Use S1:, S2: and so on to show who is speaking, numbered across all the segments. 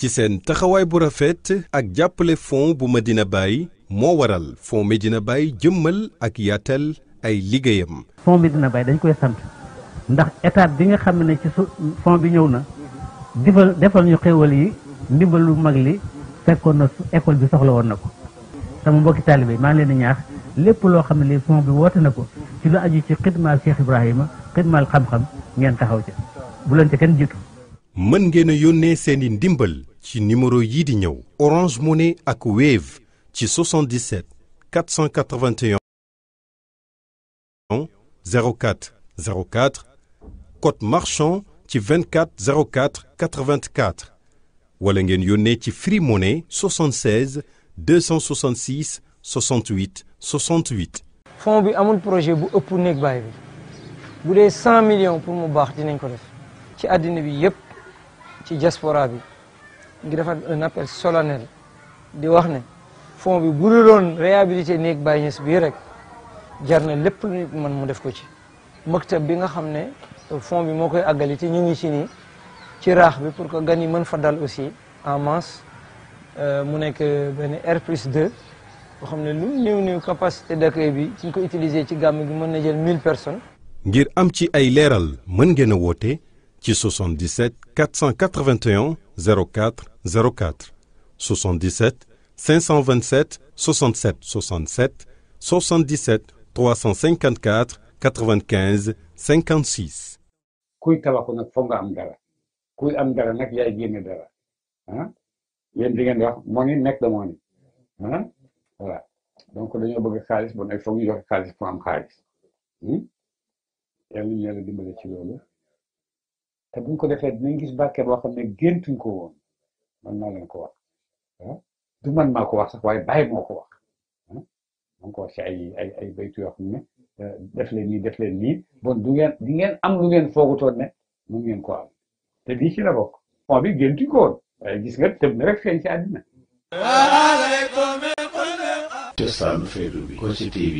S1: ci seen taxawaay bu rafet ak jàppale fond bu ma dina Baye moo waral fond Medina Baye jëmmal ak yaatal ay liggéeyam.
S2: fon fond dina Baye dañ koy sant ndax état bi nga xam ne ci su fond bi ñëw na defal defal ñu xéwal yi ndimbal lu mag li fekkoon na école bi soxla woon na ko. sama mbokki taalibe maa ngi leen di ñaax lépp loo xam ne fond bi woote na ko ci lu aju ci xidmaal Cheikh Ibrahima xidmaal xam-xam ngeen taxaw ci. bu
S1: mën ngeen yónnee seeni ndimbal ci numéro yii di ñëw Orange Money ak Wave ci 77 481 04 04 code marchand ci 24 wala ngeen yónnee ci Free Money 76 266 68
S3: fond bi amul projet bu ëpp néeg baay bi bu dee 100 pour mu baax dinañ ko def. ci àddina bi yëpp ci diaspora bi ngi defar un appel di wax ne fond bi bu duloon réhabilité néeg Baye Niass bii rek jar na lépp lu nit mën mu def ko ci mëktab bi nga xam ne fond bi moo koy àggali te ñu ngi ci nii ci raax bi pour que gan yi mën fa dal aussi en masse euh, mu nekk euh, benn R plus 2 boo xam ne lu néew néew capacité d'accueil bi suñ ko utiliser ci gàmm gi mën na jël 1000 personnes.
S1: ngir am ci ay leeral mën ngeen a woote. ci 77 481 04 04 77 527 67 67 77 354 95 56.
S2: kuy tabaxu nag foog am dara kuy am dara nag yaay génne dara ah yéen di ngeen di wax da moo ni ah voilà dañoo bëgg xaalis bon nag foog ñu xaalis pour am xaalis hmm? yàlla ñu yàlla dimbale ci loolu. te buñ ko defee dinañ gis barke boo xam ne géntuñ ko woon man maa leen ko wax ah? du man maa ko wax sax waaye bàyyi moo ko wax ah? man ko wax ci ay ay ay baytu yoo xam ne eh, def leen nii def leen nii bon du ngeen di ngeen am lu ngeen foogutoon ne mun ngeen ko am te bii ci la bokk pont bi géntuñ ko woon waaye gis nga tëb na rek feeñ ci ko cosaanu feetu bi Kossy TV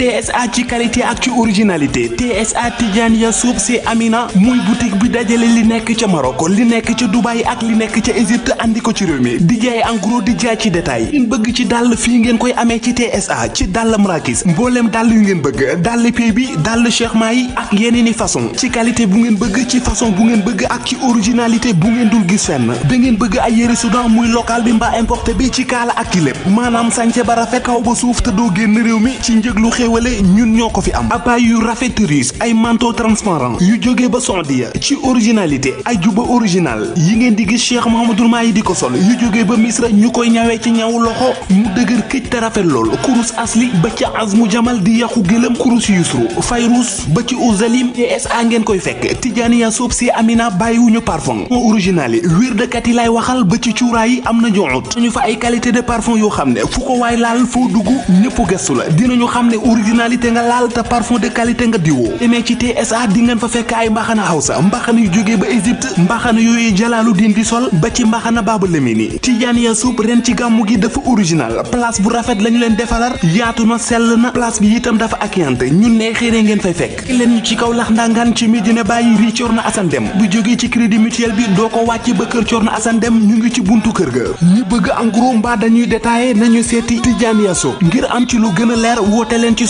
S4: TSA ci qualité ak ci originalité TSA Tidiane suuf si Amina muy boutique bi dajale li nekk ca Maroc li nekk ca Dubaï ak li nekk ca Égypte andi ko ci réew mi di jaay en di jaay ci détail ngeen bëgg ci dàll fii ngeen koy amee ci TSA ci dàll Marrakech mbooleem dall yu ngeen bëgg dàll pied bi dall cheikhma yi ak yeneen i façon ci qualité bu ngeen bëgg ci façon bu ngeen bëgg ak ci originalité bu ngeen dul gis fenn da ngeen bëgg ay yére Soudan muy local bi mbaa importé bi ci kaala ak ci maanaam sañse ba suuf te doo génn réew mi ci njëg xéewale ñun ñoo ko fi am abbaay yu rafet riis ay manteau transparent yu jógee ba Saoudia ci originalité ay juba original yi ngeen di gis Cheikh Mouhamadoul Mahi di ko sol yu jógee ba Misra ñu koy ñawee ci ñaw loxo mu dëgër këj te rafet lool kurus asli ba ci azmu jamal di yàqu gëlëm kurus yusru fayrus ba ci uzalim TSA ngeen koy fekk ya soob si Amina bàyyiwuñu parfum moo original yi wirdekat yi lay waxal ba ci cuuraay yi am na joxut suñu fa ay qualité de parfum yoo xam ne fu la dinañu xam originalité nga laal te parfum de qualité nga diwoo demee ci TSA di ngeen fa fekk ay mbaxana hawsa mbaxana yu jógee ba Égypte mbaxana yooyu jalaalu diin sol ba ci mbaxana baabu lemini tijaan suub ren ci gàmmu gi dafa original place bu rafet lañu leen defalar yaatu na sell na place bi itam dafa accueillante ñun ne xëy ngeen fay fekk leen ñu ci kaw lax ndangaan ci Medina Baye rii Thierno Assane Deme bu jógee ci crédit mutuel bi doo ko wàcc ba kër Thierno Assane Deme ñu ngi ci buntu kër ga ñi bëgg en a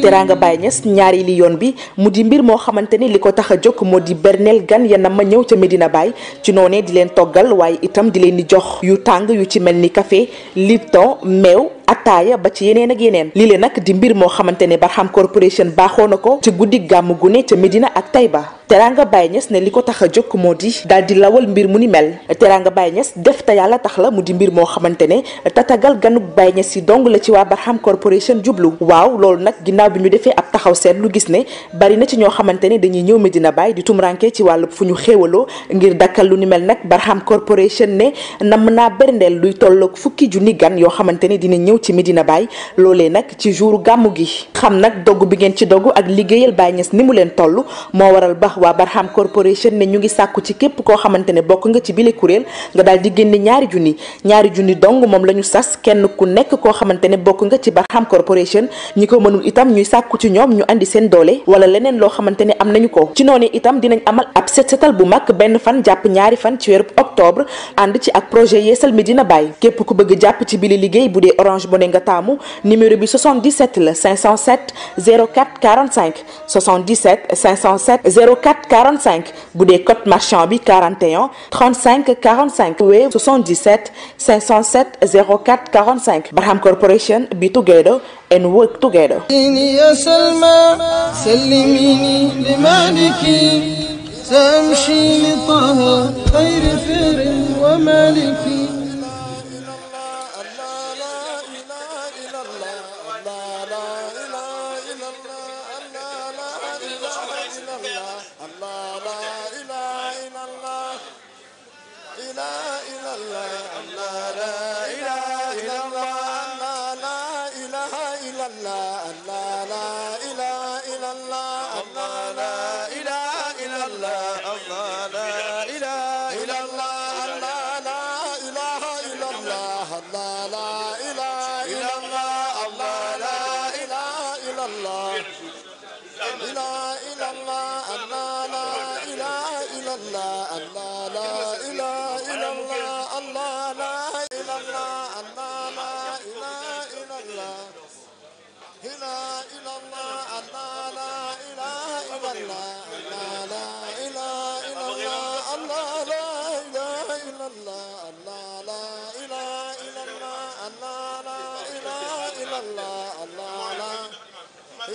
S5: teraanga Baye Niass ñaari li yoon bi mu di mbir moo xamante ne li ko tax a jóg moo di berneel gan ya na ma ñëw ca Medina bàyyi ci noonee di leen toggal waaye itam di leen di jox yu tàng yu ci mel ni café lipton meew attaaya ba ci yeneen ak yeneen lii le nag di mbir moo xamante ne ba xam Corporation baaxoo na ko ci guddi gàmm gu ne ca Medina ak Taïba Teranga Baye Niass ne li ko tax a jóg moo di daal di lawal mbir mu ni mel Teranga Baye Niass def te yàlla tax la mu di mbir moo xamante ne tatagal ganu Baye Niass yi dong la ci waa Barham Corporation jublu waaw loolu nag ginnaaw bi ñu defee ab taxaw seet lu gis ne bari na ci ñoo xamante ne dañuy ñëw Medina Baye di tumranke ci wàllu fu ñu xéewaloo ngir dakkal lu ni mel nag Barham Corporation ne nam naa berndeel luy tolloog fukki junni gan yoo xamante ne dina ñëw ci Medina Baye loolee nag ci jouru gàmmu gi xam nag dogg bi ngeen ci dogg ak liggéeyal Baye Niass ni mu leen toll moo waral ba tax waa Barham Corporation ne ñu ngi sàkku ci képp koo xamante ne bokk nga ci bile kuréel nga daal di génne ñaari junni ñaari junni dong moom la ñu sas kenn ku nekk koo xamante ne bokk nga ci Barham Corporation ñi ko mënul itam ñuy sàkku ci ñoom ñu andi seen doole wala leneen loo xamante ne am nañu ko ci noonu itam dinañ amal ab set setal bu mag benn fan jàpp ñaari fan ci weerub octobre ànd ci ak projet yeesal Medina Baye képp ku bëgg jàpp ci bile liggéey bu dee orange money nga taamu numéro bi 77 la 507 04 45 77 507 04 45 bu dee code marchand bi 41 35 45 web 77 Corporation be together and work together.
S6: سأمشي لطه خير فر ومالك الله الله لا إله إلا الله الله لا إله الله لا إله إلا الله إلا إلا الله الله لا إله إلا الله الله لا إله إلا الله الله لا إله إلا الله الله لا إله إلا الله الله لا إله إلا الله الله لا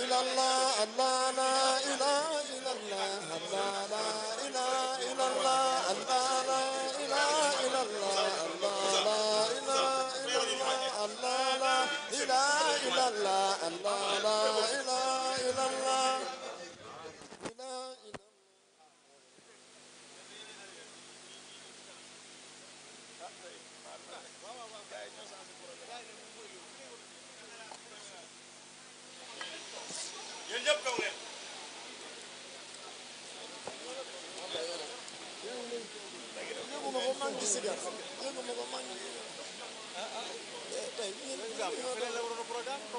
S6: إله إلا الله الله لا إله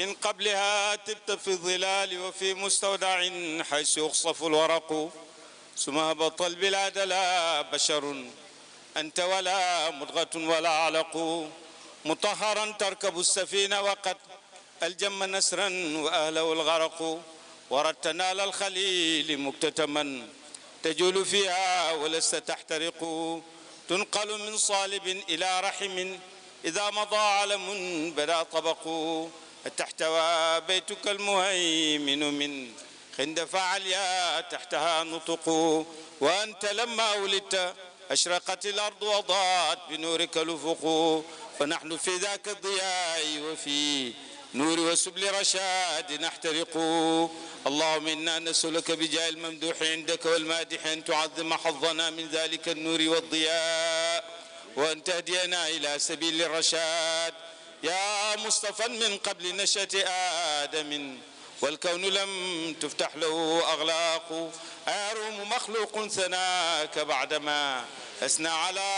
S7: min qabliha tibta fi dilali wa fi mustawdain xaysu yuxsafu lwaraqu suma habata albilada la basharun anta wala mudgatun wala alaqu mutaharan tarkabu safina waqad aljamma nasran wa ahlahu algaraqu waradta naala alxalili muktataman tajulu fiha walasta taxtariqu tunqalu min salibin ila rahimin ida mada alamun bada tabaqu تحتوى بيتك المهيمن من خند فعليا تحتها نطق وأنت لما ولدت أشرقت الأرض وضاءت بنورك الأفق ونحن في ذاك الضياء وفي نور وسبل رشاد نحترق اللهم إنا نسألك بجاه الممدوح عندك والمادح أن تعظم حظنا من ذلك النور والضياء وأن تهدينا إلى سبيل الرشاد yaa mustafan min qabli nachati aadamin والكون لم تفتح له أغلاق أروم مخلوق ثناك بعدما أثنى على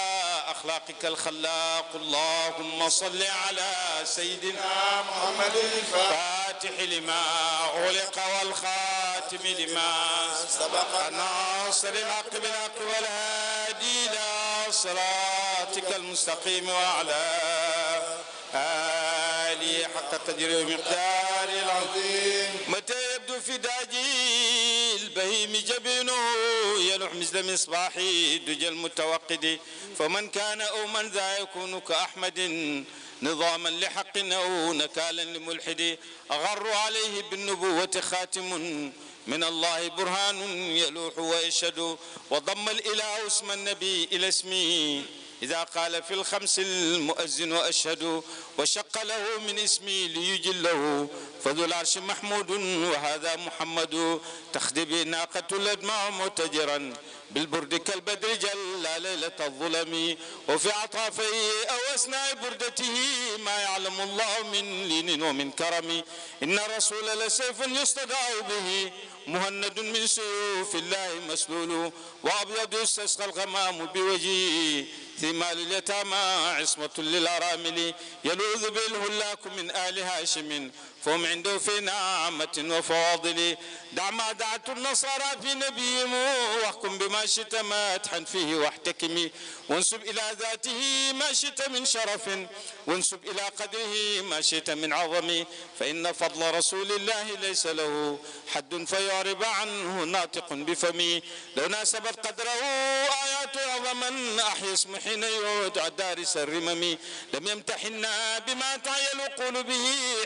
S7: أخلاقك الخلاق اللهم صل على سيدنا محمد الفاتح لما أغلق والخاتم لما سبق ناصر الحق بالحق والهادي إلى صراطك المستقيم وعلى آلي حق قدر ومقدار العظيم متى يبدو في داجي البهيم جبينه يلوح مثل مصباح دجى المتوقد فمن كان أو من ذا يكون كأحمد نظاما لحق أو نكالا لملحد أغر عليه بالنبوة خاتم من الله برهان يلوح ويشهد وضم الإله اسم النبي إلى اسمه إذا قال في الخمس المؤذن وأشهد وشق له من اسمي ليجله فذو العرش محمود وهذا محمد تخدبي ناقة الأدمع متجرا بالبرد كالبدر جل ليلة الظلم وفي عطافيه أو أثناء بردته ما يعلم الله من لين ومن كرم إن الرسول لسيف يستدعى به مهند من سيوف الله مسلول وأبيض يستسقى الغمام بوجهه ذي مال اليتامى عصمة للأرامل يلوذ بالهلاك من آل هاشم فهم عنده في نعمة وفاضل دع ما دعت النصارى في نبيهم واحكم بما شئت ما تحن فيه واحتكم وانسب إلى ذاته ما شئت من شرف وانسب إلى قدره ما شئت من عظم فإن فضل رسول الله ليس له حد فيعرب عنه ناطق بفمي لو ناسبت قدره آيات عظما أحيا اسم حين يعود دارس الرمم لم يمتحنا بما تعيل قلوبه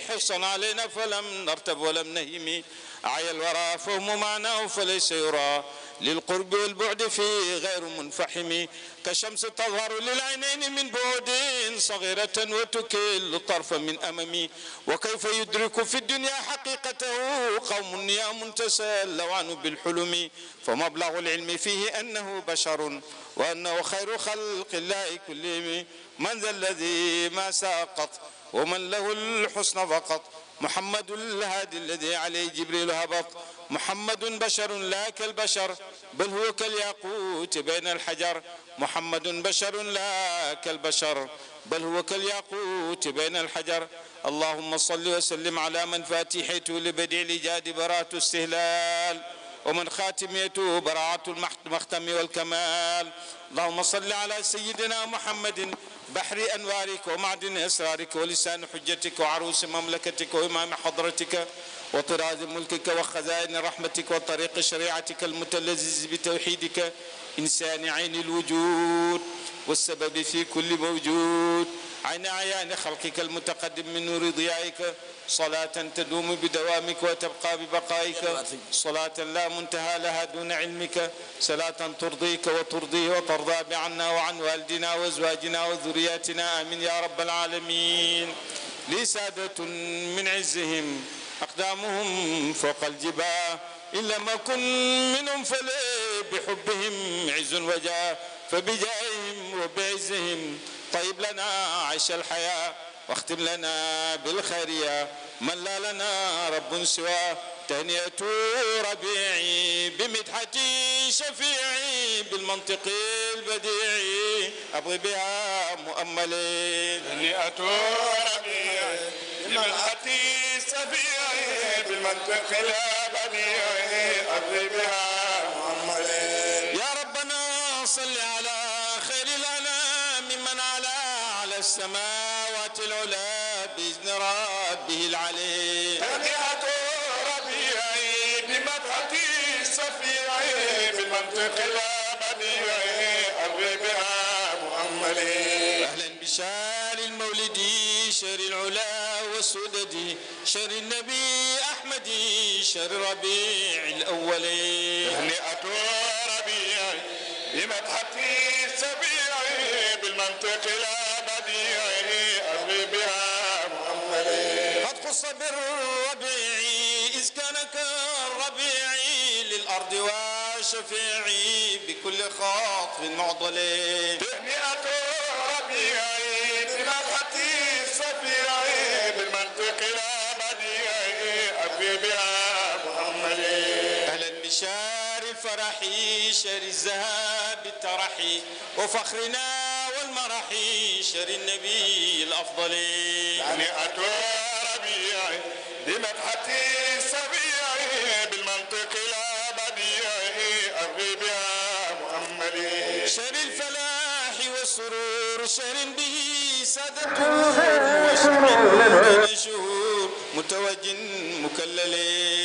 S7: حرصا عليه علينا فلم نرتب ولم نهم أعيا الورى فهم معناه فليس يرى للقرب والبعد فيه غير منفحم كشمس تظهر للعينين من بعد صغيرة وتكل طرف من أممي وكيف يدرك في الدنيا حقيقته قوم نيام تسلوا عنه بالحلم فمبلغ العلم فيه أنه بشر وأنه خير خلق الله كلهم من ذا الذي ما ساقط ومن له الحسن فقط محمد الهادي الذي عليه جبريل هبط محمد بشر لا كالبشر بل هو كالياقوت بين الحجر محمد بشر لا كالبشر بل هو كالياقوت بين الحجر اللهم صل وسلم على من فاتحته لبديع الإيجاد براءة استهلال ومن خاتميته براعة المختم والكمال اللهم صل على سيدنا محمد بحر أنوارك ومعدن أسرارك ولسان حجتك وعروس مملكتك وإمام حضرتك وطراز ملكك وخزائن رحمتك وطريق شريعتك المتلذذ بتوحيدك إنسان عين الوجود والسبب في كل موجود عين أعيان خلقك المتقدم من نور ضيائك صلاة تدوم بدوامك وتبقى ببقائك صلاة لا منتهى لها دون علمك صلاة ترضيك وترضي وترضى بعنا وعن والدنا وأزواجنا وذرياتنا آمين يا رب العالمين لي سادة من عزهم أقدامهم فوق الجباه إلا ما كن منهم فلي بحبهم عز وجاه فبجاههم وبعزهم طيب لنا عيش الحياة واختم لنا بالخيرية من لا لنا رب سواه تهنئة ربيعي بمدحتي شفيعي بالمنطق البديعي أبغي بها مؤملي
S8: تهنئة ربيعي لمنحتي سبيعي بالمنطق لا بديعي أبلي بها محمد يا ربنا صل على
S9: خير الأنام
S8: من على على
S7: السماوات العلا بإذن ربه العلي تنحة ربيعي
S8: بمدحتي سفيعي بالمنطق لا بديعي أبلي بها محمد أهلا
S7: بشار المولد شر العلا والسدد شر النبي أحمد
S8: شر ربيع الأول هنيئة ربيع بمدحة سبيع بالمنطق لا بديع أروي بها محمد قد قص بالربيع
S7: إذ كان كالربيع للأرض والأرض شفيعي بكل خاطف معضل تهنئة
S8: ربيعي بلغتي صفيعي بالمنطق لا بديعي أبي بها محمد أهلا بشار فرحي شر الذهاب
S7: الترحي وفخرنا والمرح شر النبي
S8: الأفضل تهنئة ربيعي بمدحتي شر به سادة وشر من شهور
S7: متوج مكللين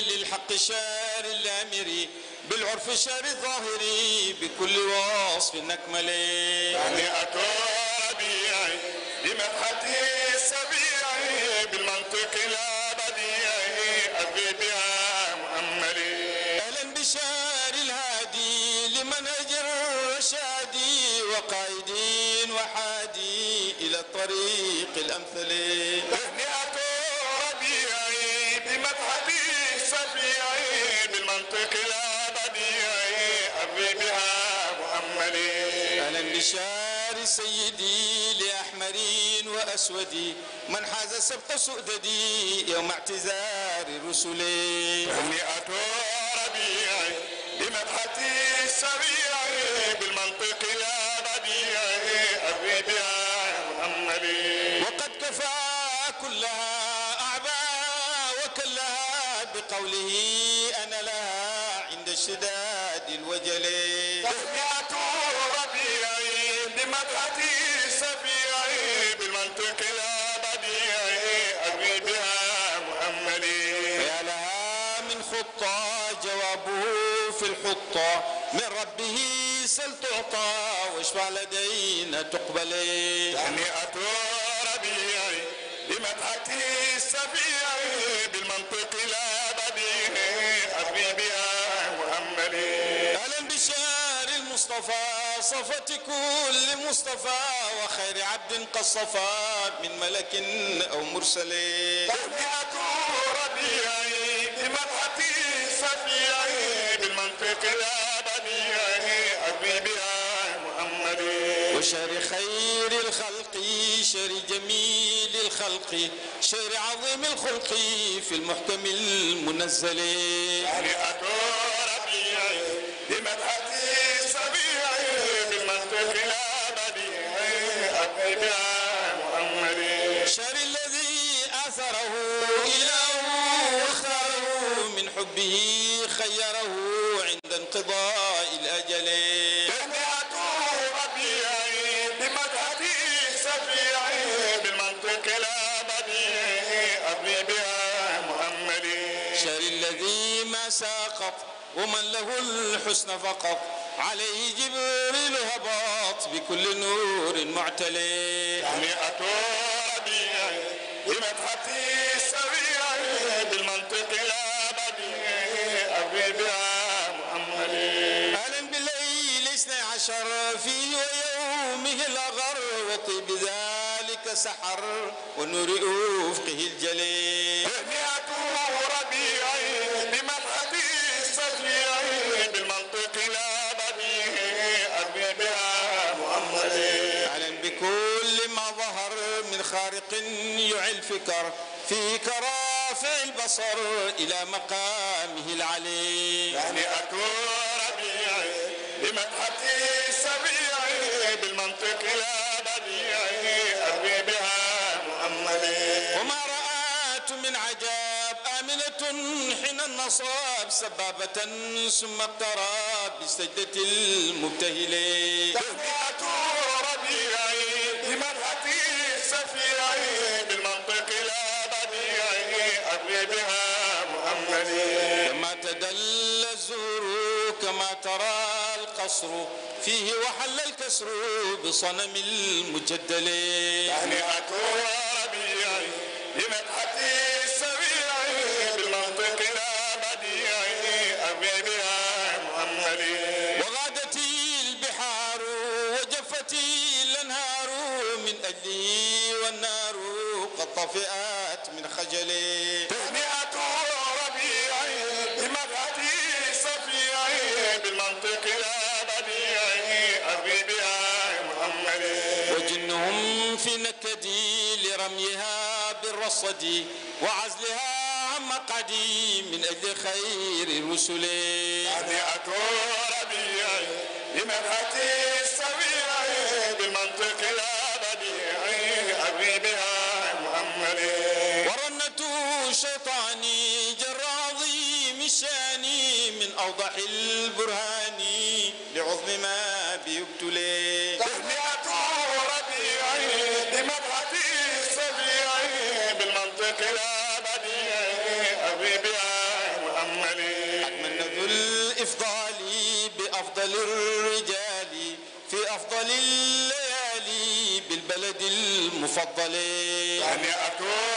S8: للحق الشار
S7: الامري بالعرف الشار الظاهري بكل وصف نكملي
S8: يعني اتوى ربيعي بمدحته السبيعي
S7: الأمثلين تهنئة
S8: ربيعي بمدحب سبيعي بالمنطق لا بديعي أبي بها مؤملي أهلا
S7: بشار سيدي لأحمر وأسودي من حاز سبط سؤددي يوم اعتذار رسلي تهنئة
S8: ربيعي بمدحتي سبيعي
S7: بقوله أنا لها عند اشتداد الوجل تهنئة
S8: ربيعي بمدحة سبيعي بالمنطق لا بديع أبغي بها مؤملي يا لها من خطة
S7: جوابه في الحطة من ربه سل تعطى واشفع لدينا تقبلي تهنئة
S8: ربيعي بمدحة سبيعي بالمنطق لا بأبيها محمد أهلا بشار المصطفى صفة كل
S7: مصطفى وخير عبد قد صفى من ملك أو مرسل تهنئة ربيعي بمدحة صفيعي بالمنطق لا بديعي أبي بها محمد وشر خير الخلق شر جميل الخلق شير عظيم الخلق في المحكم المنزل هنيئة ربيعي بمدحتي سبيعي
S8: بمنطق الابدي هيئة محمد شر الذي اثره
S7: اله واختاره من حبه خيره عند انقضاء الاجل ومن له الحسن فقط عليه جبريل هبط بكل نور معتلي مئة ربيع بمدحتي سريع
S8: بالمنطق لا بديع أبي بها محمدي أهلا
S7: بالليل اثني عشر في يومه الأغر وطيب ذلك سحر
S8: ونور أفقه
S7: الجليل مئة ربيع خارق يعي الفكر فيك رافع البصر إلى مقامه العلي
S8: هنيئة ربيعي بمدحتي سبيعي بالمنطق
S7: لا بديعي أروي بها مؤملي وما رأت من عجائب عاملة حين النصاب سبابة ثم اقترى بسجدة المبتهل
S8: تهنئة
S7: ربيعي
S8: بمرهتي سفيعي بالمنطق لا بديعي أبلي بها
S7: محمدي كما تدل الزور كما ترى القصر فيه وحل الكسر بصنم المجدل
S8: تهنئة
S7: طفئت
S8: من خجلي تهنئة ربيعي بمدحتي صفيعي بالمنطق يا بديعي أرمي بها
S7: محمد وجنهم في نكدي لرميها بالرصد وعزلها عن مقعدي من أجل خير الرسل
S8: تهنئة ربيعي بمدحتي صفيعي بالمنطق يا شيطاني جر عظيم الشان من
S7: أوضح البرهان لعظم ما بيبتلي تسمية
S8: ربيعي بمذهبي سبيعي بالمنطق لا بديعي حبيبي مؤملي أتمنى ذو
S7: الإفضال بأفضل الرجال في أفضل الليالي بالبلد المفضل يعني أتوب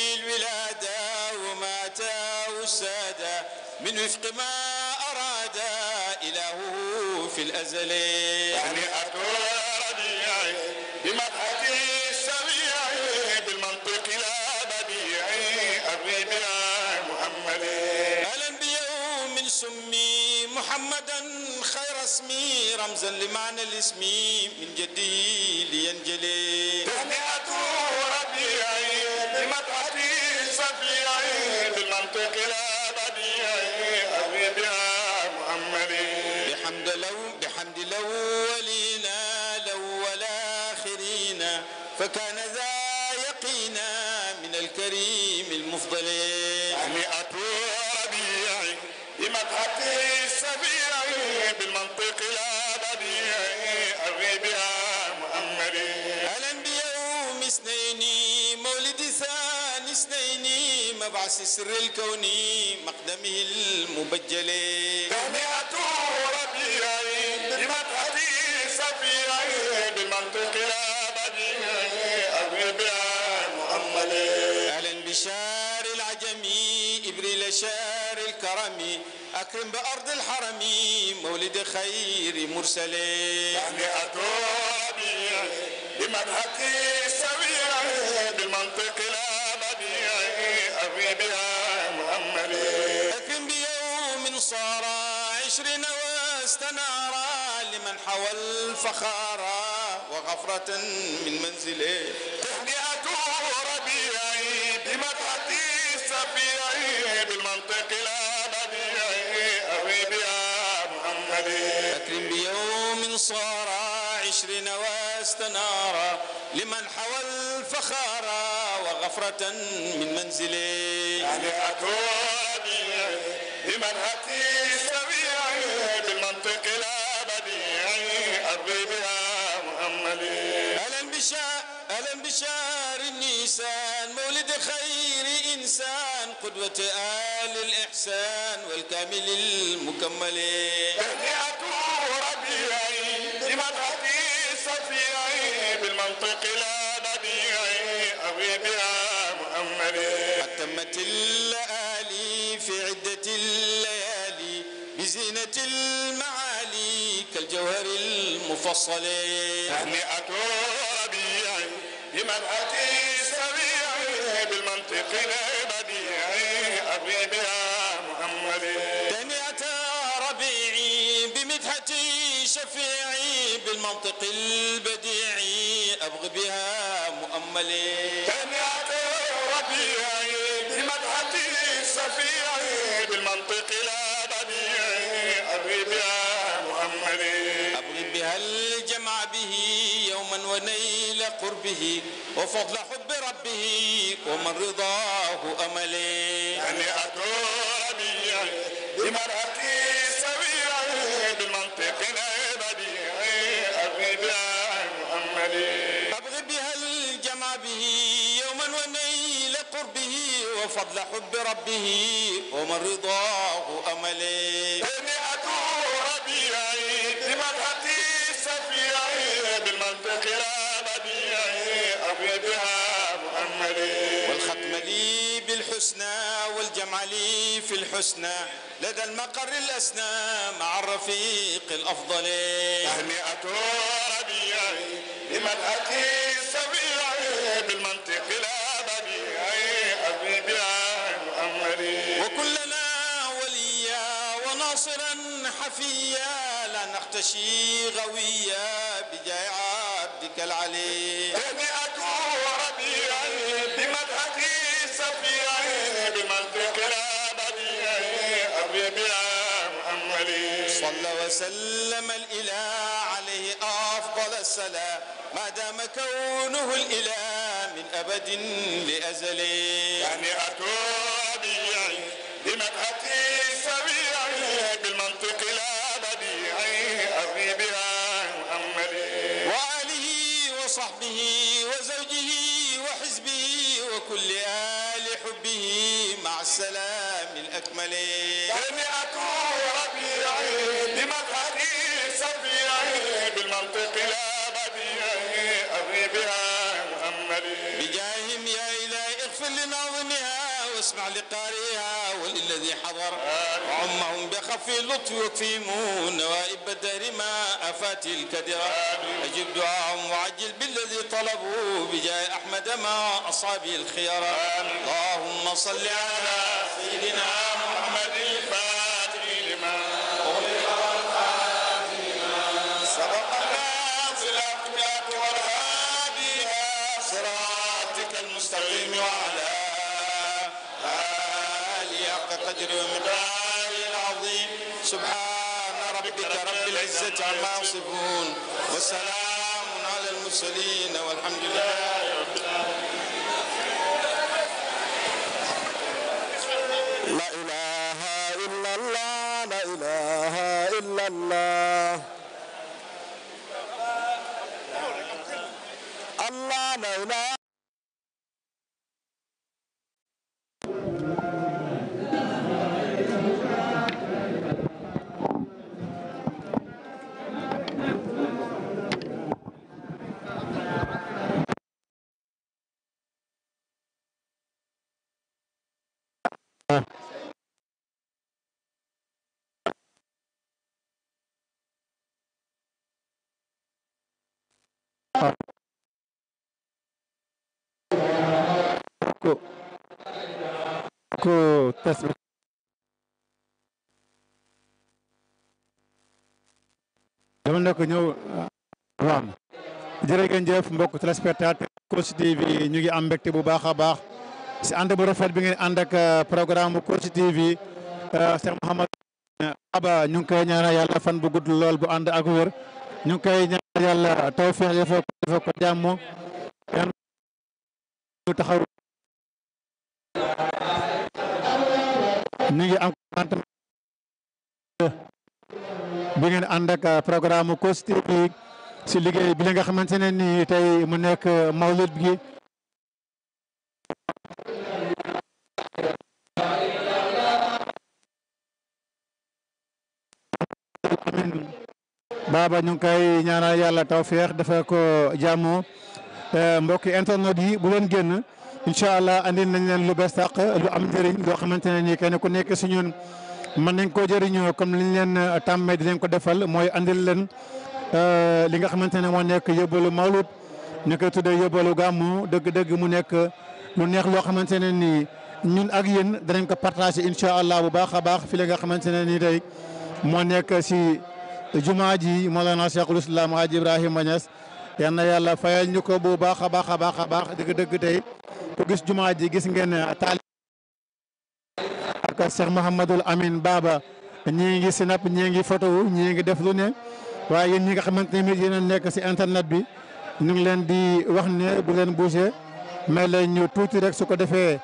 S7: للرفق ما أراد إلهه في الأزل يعني أتورني بمدحته
S8: السميع بالمنطق لا بديع الربيع محمد أهلا
S7: بيوم سمي محمدا خير اسمي رمزا لمعنى الاسم من جدي لينجلي تهنئة وكان
S8: ذا يقينا
S7: من الكريم المفضل مئة
S8: ربيع بمدحته سبيع بالمنطق لا بديع أري بها محمد أهلا
S7: بيوم اثنين مولد ثاني اثنين مبعث سر الكون مقدمه المبجل
S8: مئة ربيع بمدحته سبيع بالمنطق لا
S7: محمد أهلا بشار العجم إبريل شار الكرم أكرم بأرض الحرم مولد خير مرسلين يعني أتوبي
S8: بمنهق سوية بالمنطق لا بديع أبي بها محمد
S7: أكرم بيوم صار عشرين واستنارا لمن حوى الفخارا وغفرة من منزله تهجئة ربيعي
S8: بمدحتي سبيعي بالمنطق لا بديعي أوي بها محمدي
S7: أكرم بيوم صار عشرين واستنار لمن حوى الفخار وغفرة من منزله تهجئة ربيعي بمدحتي بشار ألم بشار النيسان مولد خير إنسان قدوة آل الإحسان والكامل المكمل تهنئة
S8: ربيعي لمن هدي صفيعي بالمنطق لا بديعي أوي بها محمد أتمت
S7: الآلي في عدة الليالي بزينة المعالي كالجوهر المفصل
S8: تهنئة لمن أتي سبيعي بالمنطق بديعي أبي بها محمد تنعت
S7: ربيعي بمدحتي شفيعي بالمنطق البديعي أبغي بها مؤملي تنعت
S8: ربيعي بمدحتي شفيعي بالمنطق
S7: البديعي أبغي بها محمد أبغي بها الجنة ونيل قربه وفضل حب ربه ومن رضاه أملي يعني أتوني بمرأتي سويرا بالمنطق العبدي أبدا مؤملي أبغي بها الجمع به يوما ونيل قربه وفضل حب ربه ومن رضاه أملي والختم لي بالحسنى والجمع لي في الحسنى لدى المقر الأسنى مع الرفيق
S8: الأفضل تهنئة ربيعي لمن أتي سبيعي بالمنطق لا بديعي حبيبي محمدي
S7: وكلنا وليا وناصرا حفيا لا نختشي غويا بجاه عبدك العلي تهنئة صلى وسلم الإله عليه أفضل السلام ما دام كونه الإله من أبد لأزل يعني
S8: أتوب بمدحة سبيل
S7: لكل آل حبه مع السلام الأكمل جميعك ربيعي بمدحتي
S8: سبيعي بالمنطق لا بديعي أبي بها محمد
S7: بجاههم يا إلهي اغفر لنظمها واسمع لقارئها وللذي حضر عمهم بخف لطف يكفيمون نوائب الدهر ما أفات الكدر أجب دعاهم وعجل بالذي طلبوا بجاه أحمد ما أصاب الخيار اللهم صل على سيدنا الأجر والمقدار العظيم سبحان ربك رب العزة عما يصفون وسلام على المرسلين والحمد لله رب العالمين
S8: لا
S6: إله إلا الله لا إله إلا الله
S8: ko ko
S10: test bi dama ko ñëw ah, waaw jërëjëf mbokk téléspectateur Kossy TV ñu ngi am mbégte bu baax a baax si ànd bu rafet bi ngeen ànd ak ah, programme bu Kossy TV ah, Cheikh Mouhamad Aba ñu ngi koy ñaanal fan bu lool bu ànd ak wér ñu ngi koy ñaanal yàlla tawfeex defal ko ko jàmm yan ñu ngi am contentement bi ngeen euh, programme Kossy si liggéey bi li nga xamante ne ni tey mu nekk euh, mawlid bi baaba ñu ngi koy ñaanal yàlla tawfeex dafa ko jàmmoo euh, mbokki internet yi bu leen génn incha allah andi nañ leen lu bees tàq lu am njëriñ loo xamante ne nii kenn ku nekk si ñun mën nañ koo jëriñoo comme liñ leen tàmmee dinañ ko defal mooy andil leen euh, li nga xamante ne moo nekk yóbbalu mawlud ñu koy tuddee yóbbalu gàmmu dëgg-dëgg mu nekk lu neex loo xamante ne nii ñun ak yéen danañ ko partagé incha allah bu baax a baax fi la nga xamante ne nii day moo nekk si jumaa ji Mawlana Cheikhul Islam Hadji Ibrahima Niass yal na yàlla fayal ñu ko bu baax a baax a baax a baax dëgg-dëgg ku gis jumaa ji gis ngeen uh, taalib ak Cheikh Mouhamadul Amin Baba ñii ngi sinap ñii ngi photo ñii ngi def lu ne waaye yéen ñi nga xamante ne yéen a nekk si internet bi ñu ngi leen di wax ne bu leen bougé mais leen ñu tuuti rek su ko defee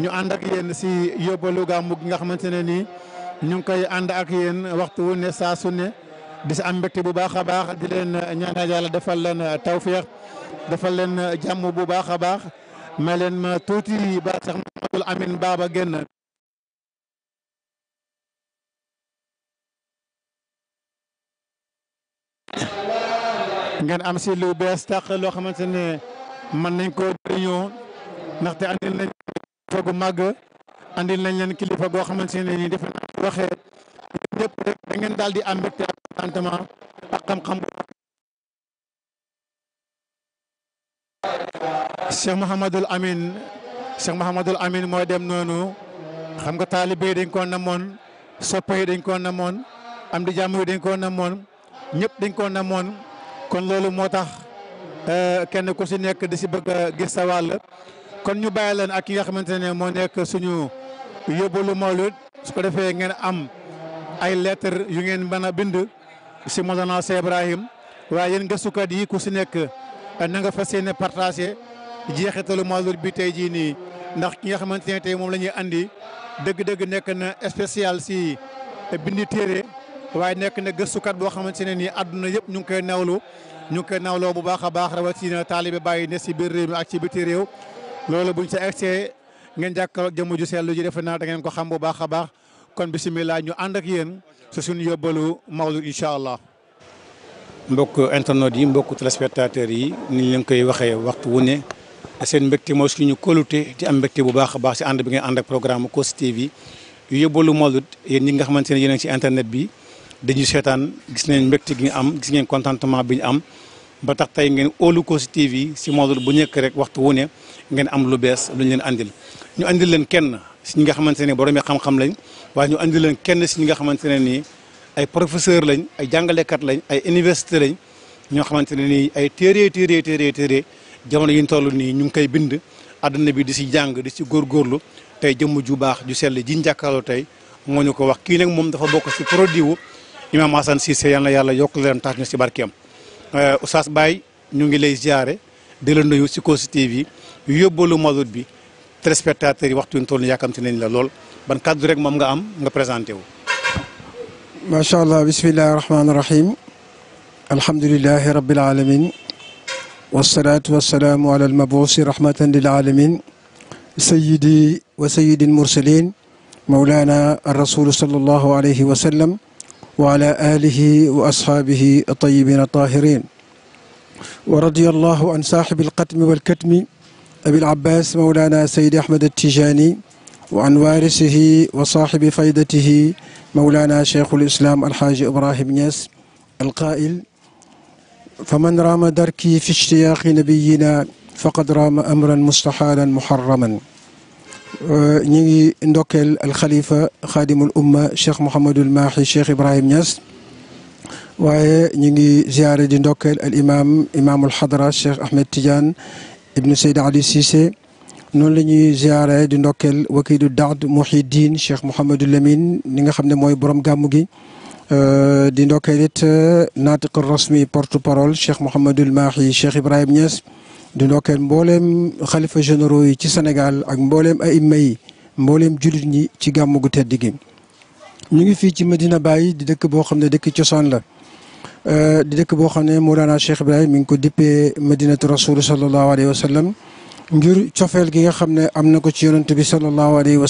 S10: ñu ànd ak yéen si yóbbalu gàmmu gi nga xamante ne nii ñu ngi koy ànd ak yéen waxtu wu ne saasu ne di si am mbégte bu baax a baax di leen uh, ñaanal yàlla defal leen uh, tawféex defal leen jàmm bu baax a baax. may leen ma tuuti ba sax Mamadul Amin Baaba na ngeen am si lu bees tàq loo xamante ne mën nañ ko jëriñoo ndaxte andil nañ kilifa gu màgg andil nañ leen kilifa goo xamante ne nii defe naa waxee ñëpp rek da ngeen daal di am mbégte ak contentement ak xam Cheikh Mouhamadul Amin Cheikh Mouhamadul Amin mooy dem noonu xam nga taalibe yi dañ na moon soppe yi dañ na moon am di jàmm yi dañ koo namoon ñëpp dañ na moon kon loolu moo tax eh, kenn ku si nekk di si bëgg a gis sa wàll kon ñu bàyyi leen ak ki nga xamante ne moo nekk suñu yóbbalu mawlud su ko defee ngeen am ay lettre yu ngeen mën a bind si Mawlana Cheikh Ibrahim waaye yéen gëstukat yi ku si nekk na nga fas yéene partagé jeexitalu Mawlud bi tey jii nii ndax ki nga xamante ne tey moom la ñuy andi dëgg-dëgg nekk na spécial si bindi téere waaye nekk na gëstukat boo xamante ne nii àdduna yëpp ñu ngi koy nawlu ñu koy nawloo bu baax a baax rawatina taalibe bàyyi ne si biir réew mi ak ci biti réew loolu buñ sa egsee ngeen jàkkaarloog jëmm ju seetlu ji defe naa da ngeen ko xam bu baax a baax kon bisimilah ñu ànd ak yéen su suñu yóbbalu Mawlud incha allah. mbokk internet yi mbokk téléspectateurs yi ni leen koy waxee waxtu wu ne seen mbégte mooy suñu kóolute di am mbégte bu baax a baax si ànd bi ngeen ànd ak programme Kossy TV yu lu Mawlud yéen ñi nga xamante ne yéen a ngi si internet bi dañuy seetaan gis nañ mbégte gi nga am gis ngeen contentement bi ñu am ba tax tey ngeen óolu Kossy TV si Mawlud bu nekk rek waxtu wu ne ngeen am lu bees lu ñu leen andil ñu leen kenn si ñi nga xamante ne borom yi xam-xam lañ waaye ñu andil leen kenn si ñi nga xamante ne nii ay professeur lañ ay jàngalekat lañ ay université lañ ñoo xamante ne nii ay téere téere téere jamono yi ñu toll nii ñu ngi koy bind àdduna bi di si jàng di ci góor góorgóorlu tey jëmm ju baax ju sell ji njàkkaarloo tey moo ñu ko wax kii nag moom dafa bokk si produit wu Imam Assane Cissé yal na yàlla yokk si barkeem euh, Oustaz Baye ñu ngi lay ziare di la nuyu si Kossy TV yóbbalu Mawlud bi téléspectateurs yi waxtu wi ñu toll nii yàkkamti la lool ban kàddu rek moom nga am nga présenté wu.
S11: macha allah bismillahi rahmaani rahim alhamdulilahi rabil alamin wasalaatu wasalaamu ala almabuusi rahmatan lil alamin sayidi wa sayidi almursalin mawlana arrasulu sallallahu alayhi wa sallam wa ala alihi wa ashaabihi atayibin atahirin wa radiya allahu an saaxibi alqatmi walkatmi abil abbas mawlana sayidi ahmad attijani wa an waarisihi wa saaxibi faydatihi مولانا شيخ الإسلام الحاج إبراهيم نياس القائل فمن رام دركي في اشتياق نبينا فقد رام أمرا مستحالا محرما نيجي ندوكل الخليفة خادم الأمة شيخ محمد الماحي شيخ إبراهيم نياس waaye ñu ngi ziare di ndokkeel al imaam imaamul xadra Cheikh Ahmed Tidiane ibnu Seyd Ali Cissé noonu la ñuy ziare di ndokkeel wakiilu daad Muhiddin Cheikh Mouhamadou Lamine ni nga xam ne mooy borom gàmmu gi. Euh, di ndokkeel it euh, naatiq rasmi porte parole Cheikh Mouhamadul Mahi Cheikh Ibrahim Niass. di ndokkeel mbooleem xalifa généraux yi ci senegal ak mbooleem aïma yi mbooleem jullit ñi ci gàmmu gu tedd gi. ñu ngi fii ci Medina Baye di dëkk boo xam ne dëkk cosaan la. Euh, di dëkk boo xam ne Mawlana Cheikh Ibrahim mi ngi ko dippee Madinatu Rasul sallallahu alayhi ngir cofeel gi nga xam ne am na ko ci yonent bi sallallahu alayhi wa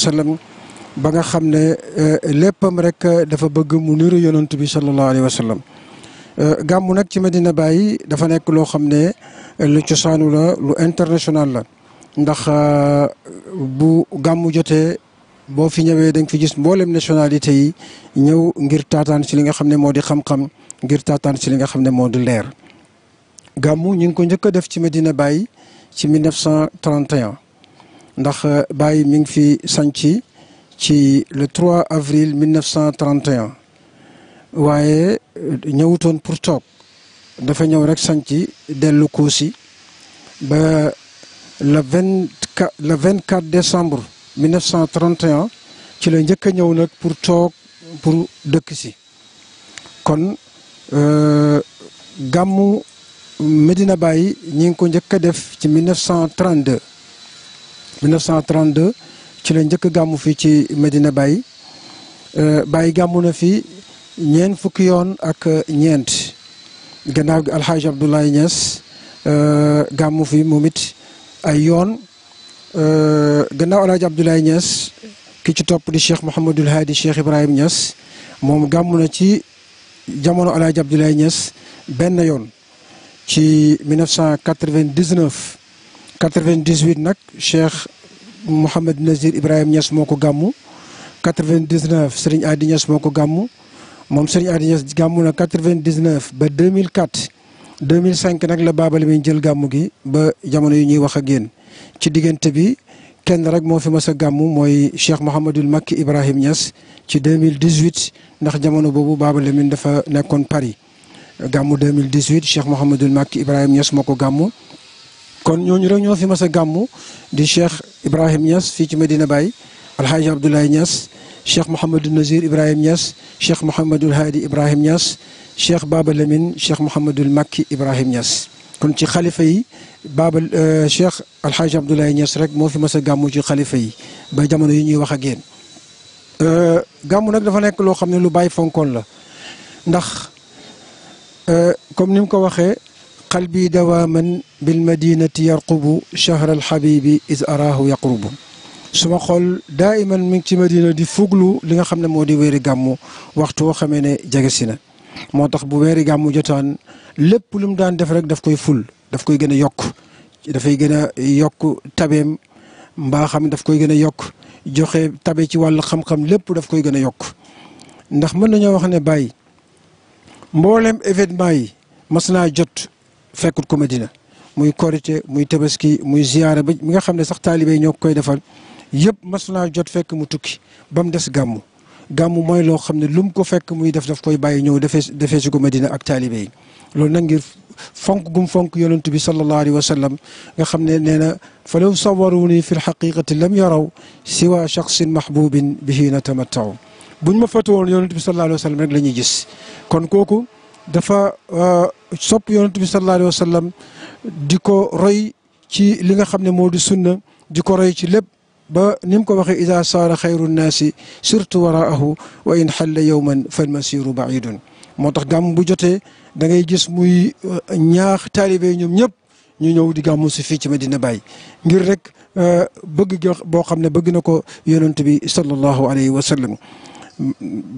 S11: ba nga xam ne eh, léppam rek dafa bëgg mu niru yonent bi sallallahu alayhi wa eh, gàmmu nag ci Medina bàyyi dafa nekk loo xam ne eh, lu cosaanu la lu international la ndax bu gàmmu jotee boo fi ñëwee da fi gis mboolem nationalité yi ñëw ngir taataan ci li nga xam ne moo di xam-xam ngir taataan ci li nga xam ne moo di leer. gàmmu ñu ngi ko njëkk a def ci Medina bàyyi ci 1931 ndax euh, Baye mi ngi fi sanci ci le 3 avril 1931 waaye euh, ñëwutoon pour toog dafa ñëw rek sanci dellu Kossy ba le 24 le 24 décembre 1931 ci la njëkk a ñëw nag pour toog pour dëkk si kon euh, gàmmu Medina Baye ñi ngi ko njëkk a def ci 1932 1932 ci la njëkk gàmmu fii ci Medina Baye euh, bàyyi gàmmu na fi ñeent fukki yoon ak ñeent gannaaw gi Alhaji Abdoulaye Niass euh, gàmmu fi moom it ay yoon euh, gannaaw Alhaji Abdoulaye Niass ki ci topp di Cheikh Mouhamadul Hadi Cheikh Ibrahim Niass moom gàmmu na ci jamono Alhaji Abdoulaye Niass benn yoon. ci 1999 98 nag Cheikh Mouhamed Nazir Ibrahim ñas moo ko gàmmu 99 Serigne Adi Niass moo ko gàmmu moom Serigne Adi Niass gàmmu na 99 ba 2004 2005 nag la baabal mi jël gàmmu gi ba jamono yi ñuy wax a génn ci diggante bi kenn rek moo fi mas a gàmmu mooy Cheikh Mouhamadul Makki Ibrahim Niass ci 2018 ndax jamono boobu baabal mi dafa nekkoon Paris. gàmmu 2018 Cheikh Mouhamadul Makki Ibrahima Niass moo ko gàmmu kon ñooñu rek ñoo fi mas a gàmmu di Cheikh ibrahim Niass fii ci Medina Baye Alhaji Abdoulaye Niass Cheikh Mouhamadul Nazir ibrahim Niass Cheikh Mouhamadul Hadi Ibrahima Niass Cheikh Baba Lamine Mouhamadul Makki Ibrahima Niass kon ci xalifa yi Baba euh, Cheikh Alhaji Abdoulaye Niass rek moo fi mas a gàmmu ci xalifa yi ba jamono yi ñuy wax a yéen euh, gàmmu nag dafa nekk loo xam ne lu bàyyi fonkoon la ndax Euh, comme ni mu ko waxee qalbi dawaaman bil madinati yarqubu chahr alxabibi is araahu yaqrubu suma xool daaiman mi ngi ci madina di fuglu li nga xam ne moo di wéeri gàmmu waxtu woo xamee ne jege si na moo tax bu weeri gàmmu jotaan lépp lu mu daan def rek daf koy ful daf koy gën a yokk dafay gën a yokk tabeem mbaa xam daf koy gën a yokk joxe tabe ci wàll xam-xam lépp daf koy gën a yokk ndax mën nañoo wax ne bàyyi mboolem événement yi mas naa jot fekkut ko Medina muy korite muy tabaski muy ziyaara ba mi nga xam ne sax taalibe ñoo koy defal yëpp mas naa jot fekk mu tukki ba mu des gàmmu gàmmu mooy loo xam ne lu mu ko fekk muy def def koy bàyyi ñëw defee defee ko madina ak taalibe yi loolu nag ngir fonk gum fonk yonent bi sallallahu alayhi wa sallam nga xam ne nee na fa law sawaruni fi lxaqiqati lam yaraw siwa shaxsin mahbubin bihi natamattaw bu ñu ma fàtte woon yonent bi sallallahu alayhi wa sallam rek la ñuy gis kon kooku dafa euh, sopp yonent bi sallallahu alayhi di ko roy ci li nga xam ne moo di sunna di ko roy ci lépp ba ni mu ko waxee ida saara xayru nnaasi surtout waraahu wa in xalla yowman falmasiru baidun moo tax gàmm bu jotee dangay ngay gis muy euh, ñaax taalibe ñoom ñëpp ñu ñëw di gàmmu si fii ci Medina Baye ngir rek euh, bëgg boo xam ne bëgg na ko yonent bi sallallahu alayhi wa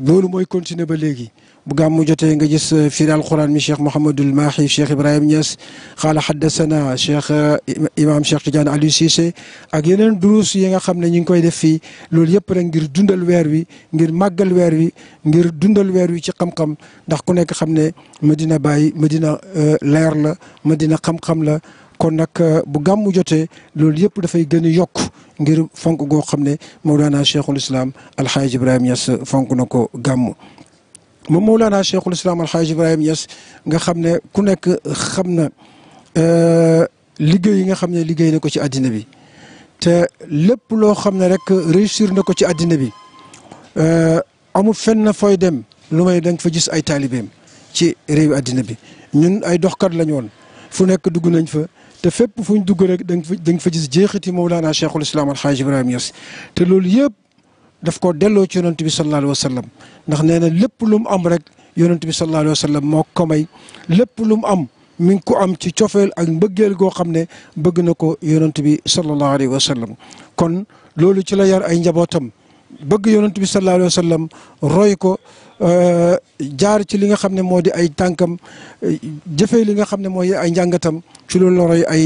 S11: loolu mooy continuer ba léegi bu gàmmu jotee nga gis euh, firi alquran mi cheikh Mouhamadul Mahi cheikh Ibrahim Niass xaala xaddasana cheikh euh, imam cheikh Tidiane Aliou Cissé ak yeneen duruus yi nga xam ne ñu ngi koy def fii loolu yëpp rek ngir dundal weer wi ngir màggal weer wi ngir dundal weer wi ci xam ndax ku nekk xam ne Medina Baye Medina euh, leer la Medina xam la. kon nag euh, bu gàmmu jotee loolu yëpp dafay gën yokk ngir fonk ngoo xam ne Mawlana Cheikhul Islam Alhaji Ibrahima Niass fonk na ko gàmmu moom Mawlana Cheikhul Islam Alhaji Ibrahima Niass nga xam ne ku nekk xam na euh, liggéey yi nga xam ne liggéey na ko ci àddina bi te lépp loo xam ne rek réussir na ko ci àddina bi euh, amul fenn fooy dem lu may danga fa gis ay taalibeem ci réewi àddina bi ñun ay doxkat lañu woon fu nekk dugg nañ fa te fépp fu ñu dugg rek da nga fa da nga fa gis jeexiti Mawlana Cheikhul Islam Alhaaj te loolu yëpp daf ko delloo ci yonent bi sallallahu alayhi wa sallam ndax nee na lépp lu mu am rek yonent bi sallallahu alayhi wa sallam moo ko may lépp lu mu am min ko am ci cofeel ak mbëggeel goo xam ne bëgg na ko yonent bi sallallahu alayhi wa kon loolu ci la yar ay njabootam bëgg yonent bi sallallahu alayhi wa roy ko jaar ci li nga xam ne moo di ay tànkam jëfee li nga xam ne mooy ay njàngatam ci loolu la roy ay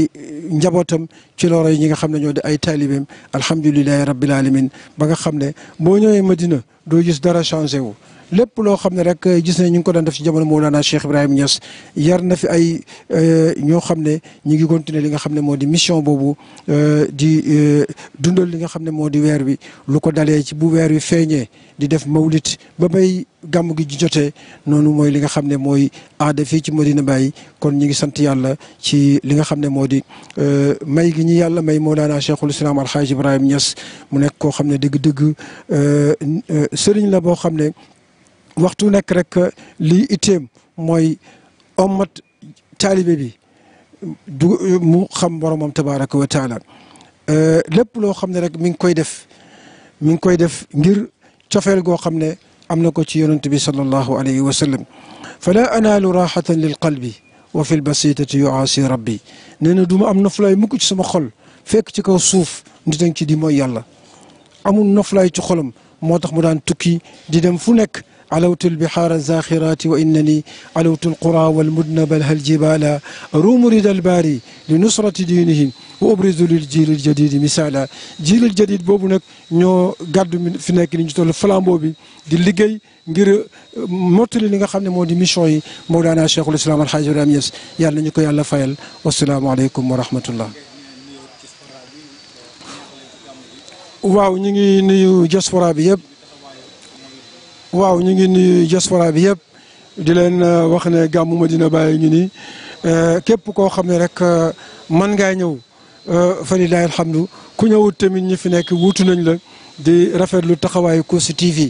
S11: njabootam ci la roy ñi nga xam ne ñoo di ay taalibeem alhamdulilahi rabbil alamin ba nga xam ne boo ma dina doo gis dara changé wu lépp loo xam ne rek euh, gis nañ ñu ngi ko daan def ci jamono Mawlana Cheikh Ibrahima Niass yar na fi ay euh, ñoo xam ne ñu ngi continuer li nga xam ne moo di mission boobu euh, di dundal li nga xam ne moo di weer wi lu ko dalee ci bu weer wi feeñee di def mawlit ba bay gàmm gi ji jotee noonu mooy li nga xam ne mooy aada fii ci Medina Baye kon ñu ngi sant yàlla ci li nga xam ne moo di may gi ñu yàlla may Mawlana Cheikhul Islam Alhaji Ibrahima Niass mu nekk koo xam ne dëgg-dëgg sëriñ la boo xam ne waxtu nekk rek lii itteem mooy ommat taalibe bi du mu xam boromam tabaraka wa taala lépp loo xam ne rek mi ngi koy def mi ngi koy def ngir cofeel goo xam ne am na ko ci yonent bi sallallahu alayhi wa sallam fala anaalu raxatan lil qalbi wa fi lbasitati yuaasi rabbi nee na du ma am noflaay mukk ci sama xol fekk ci kaw suuf nit ci di mooy yàlla amul noflaay ci xolam moo tax mu daan tukki di dem fu nekk علوت البحار الزاخرات وإنني علوت القرى والمدن بل هل جبالا أروم رد الباري لنصرة دينه وأبرز للجيل الجديد مثالا جيل الجديد boobu nag ñoo gàddu fi nekk ni ñu toll flambeau bi di liggéey ngir mottali li nga xam ne moo di mission yi Mawlana Cheikhul Islam Al Hadj Ibrahima Niass yàlla nañu ko yàlla fayal wasalaamualeykum wa rahmatullah waaw ñu ngi nuyu diaspora bi yëpp waaw ñu ngi nuyu diaspora bi yëpp di leen euh, wax ne gàmmu dina Baye ñu ni euh, képp koo xam ne rek euh, man ngaa ñëw fa lilahi alhamdu ku ñëwut tamit ñi fi nekk wuutu nañ la di rafetlu taxawaayu Kossy TV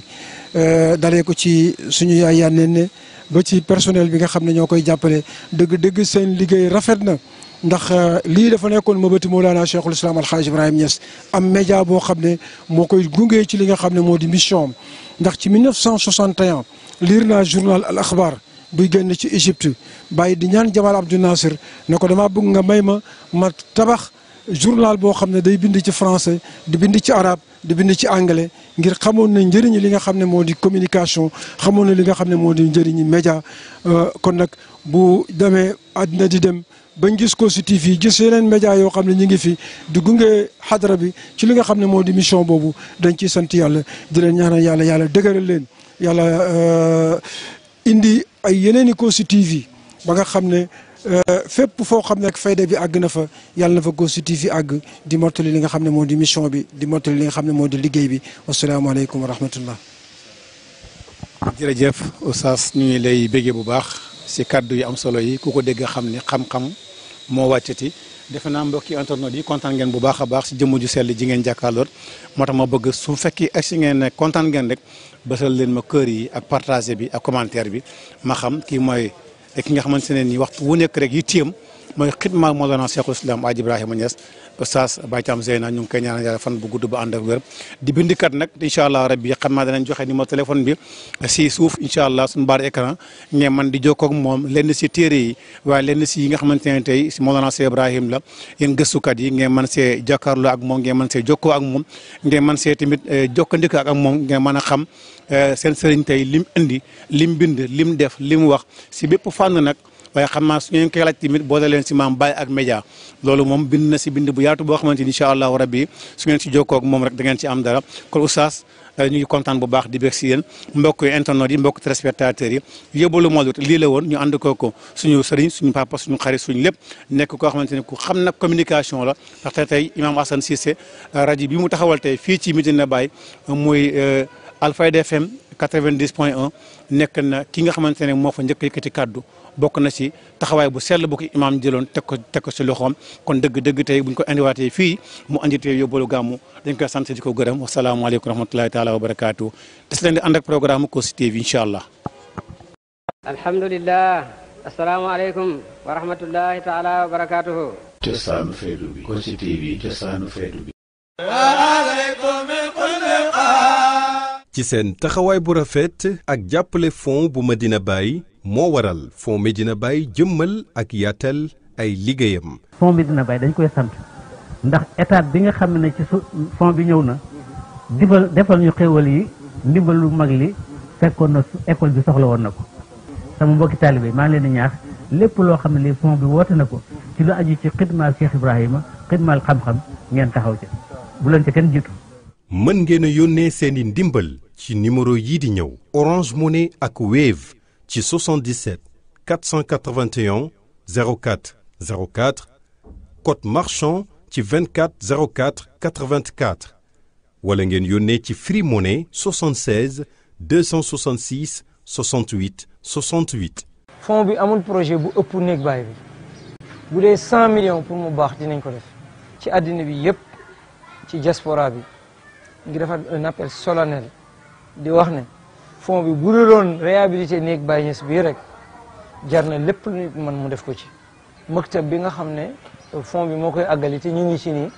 S11: dalee ko ci suñu yaay yànneen ne ba ci personnel bi nga xam ne ñoo koy jàppale dëgg-dëgg seen liggéey rafet na ndax euh, lii dafa nekkoon mëbëti Mawlana Cheikhul Islam Alxaaj Ibrahima Niass am média boo xam ne moo koy gunge ci li nga xam ne moo di mission am ndax ci 1961 liir naa journal al axbar buy génn ci Égypte bàyyi di ñaan Jamal Abdou Nasser ne ko damaa bëgg nga may ma ma tabax journal boo xam ne day bind ci français di bind ci arabe di bind ci anglais ngir xamoon na njëriñ li nga xam ne moo di communication xamoon na li nga xam ne moo di njëriñu média euh, kon nag bu demee àddina di dem. bañ gis ko si TV gis yeneen média yoo xam ne ñu ngi fi di gunge xadara bi ci li nga xam ne moo di mission boobu dañ ciy sant yàlla di leen ñaanal yàlla yàlla dëgëral leen yàlla euh, indi ay yeneen i Kossy TV ba nga xam ne euh, fépp foo xam ne ak fayda bi àgg na fa yàlla na fa Kossy TV àgg di mottali li nga xam ne moo di mission bi di mottali li nga xam ne moo di liggéey bi wasalaamaaleykum wa rahmatullah
S10: jërëjëf Oustaz ñu ngi lay béggee bu baax si kàddu yu am solo yi ku ko dégg xam ni xam-xam moo wàcceti defe naa mbokki internet yi kontaan ngeen bu baax a baax si jëmm ju sell ji ngeen jàkkaarloot moo tax ma bëgg su fekki ak si ngeen ne kontaan ngeen rek bësal leen ma kër yi ak partager bi ak commentaire bi ma xam kii mooy ki nga xamante ne nii waxtu wu nekk rek yi téem mooy xidma Mawlana Cheikhul Islam Aji Ibrahima Niass Oustaz Baye Thiam Zeyna ñu ngi koy ñaanal yàlla fan bu gudd ba ànd ak wér di bindikat nag incha allah rabbi xam naa danañ joxe numéro téléphone bi si suuf incha allah suñu baar écran ngeen man di jokkoo ak moom lenn si téere yi waaye lenn si yi nga xamante ne tey si Mawlana Cheikh Ibrahim la yéen gëstukat yi ngeen man see jàkkaarloo ak moom ngeen man see jokkoo ak moom ngeen man see tamit eh, jokkandikoo ak moom ngeen mën a xam eh, seen sëriñ tey lim indi lim bind lim def lim wax si bépp fànn nag waaye xam naa su ngeen koy laaj tamit boole leen si maam Baye ak média loolu moom bind na si bind bu yaatu boo xamante ni incha allahu rabbi su ngeen si jokkoo ak moom rek da ngeen ci am dara kon oustaz euh, ñu ngi kontaan bu baax di bég si yéen mbokk internet yi mbokk téléspectateurs yi yóbbalu Mawlud lii la woon ñu ànd kooku suñu sëriñ suñu papa suñu xarit suñu lépp nekk koo xamante ne ku xam na communication la ndaxte tey imaam Assane Cissé euh, rajo bi mu taxawal tey fii ci Medina Baye muy euh, Alfayda FM 90 point un nekk na kii nga xamante ne moo fa njëkk yëkkati kàddu bokk na ci taxawaay bu sell bu ko imaam jëloon teg ko teg ko si loxoom kon dëgg-dëgg tey buñ ko indiwaatee fii mu andi tey yóbbalu gàmmu dañ koy sant di ko gërëm wasalaamaaleykum wa rahmatulahi taala wa barakaatu des leen di ànd ak programme Kossy TV incha allah.
S3: alhamdulilah.
S2: asalaamaaleykum wa rahmatulahi
S10: feetu bi Kossy TV feetu bi. ci
S1: seen taxawaay bu rafet ak jàppale fond bu ma dina bàyyi moo waral Fonds Médina Baye jëmmal ak yaatal ay liggéeyam.
S2: fon Fonds Médina Baye dañ koy sant ndax état bi nga xam ne ci su fon bi ñëw na dibal defal ñu xéwal yi ndimbal lu mag li fekkoon na école bi soxla woon na ko sama mbokki taalibe maa ngi leen di ñaax lépp loo xam ne lii fon bi woote na ko ci lu aju ci xidmaal Cheikh Ibrahima xidmaal xam-xam ngeen taxaw ci bu leen ca kenn jiitu.
S1: mën ngeen a yónnee seeni ndimbal ci numéro yii di ñëw Orange ci 77 481 04 04 code marchand ci 24 04 84 wala ngeen yónnee ci Free Money 76 266 68 68.
S3: fond bi amul projet bu ëpp néeg baay bi bu dee 100 millions pour mu baax dinañ ko def ci àddina bi yépp ci diaspora bi ngi defar un appel solennel di wax ne. fon bi bu doon réhabilité néeg Baye Niass bii rek jar na lépp lu man mu def ko ci maktab bi nga xam ne fond bi moo koy àggali te ñu ngi ci nii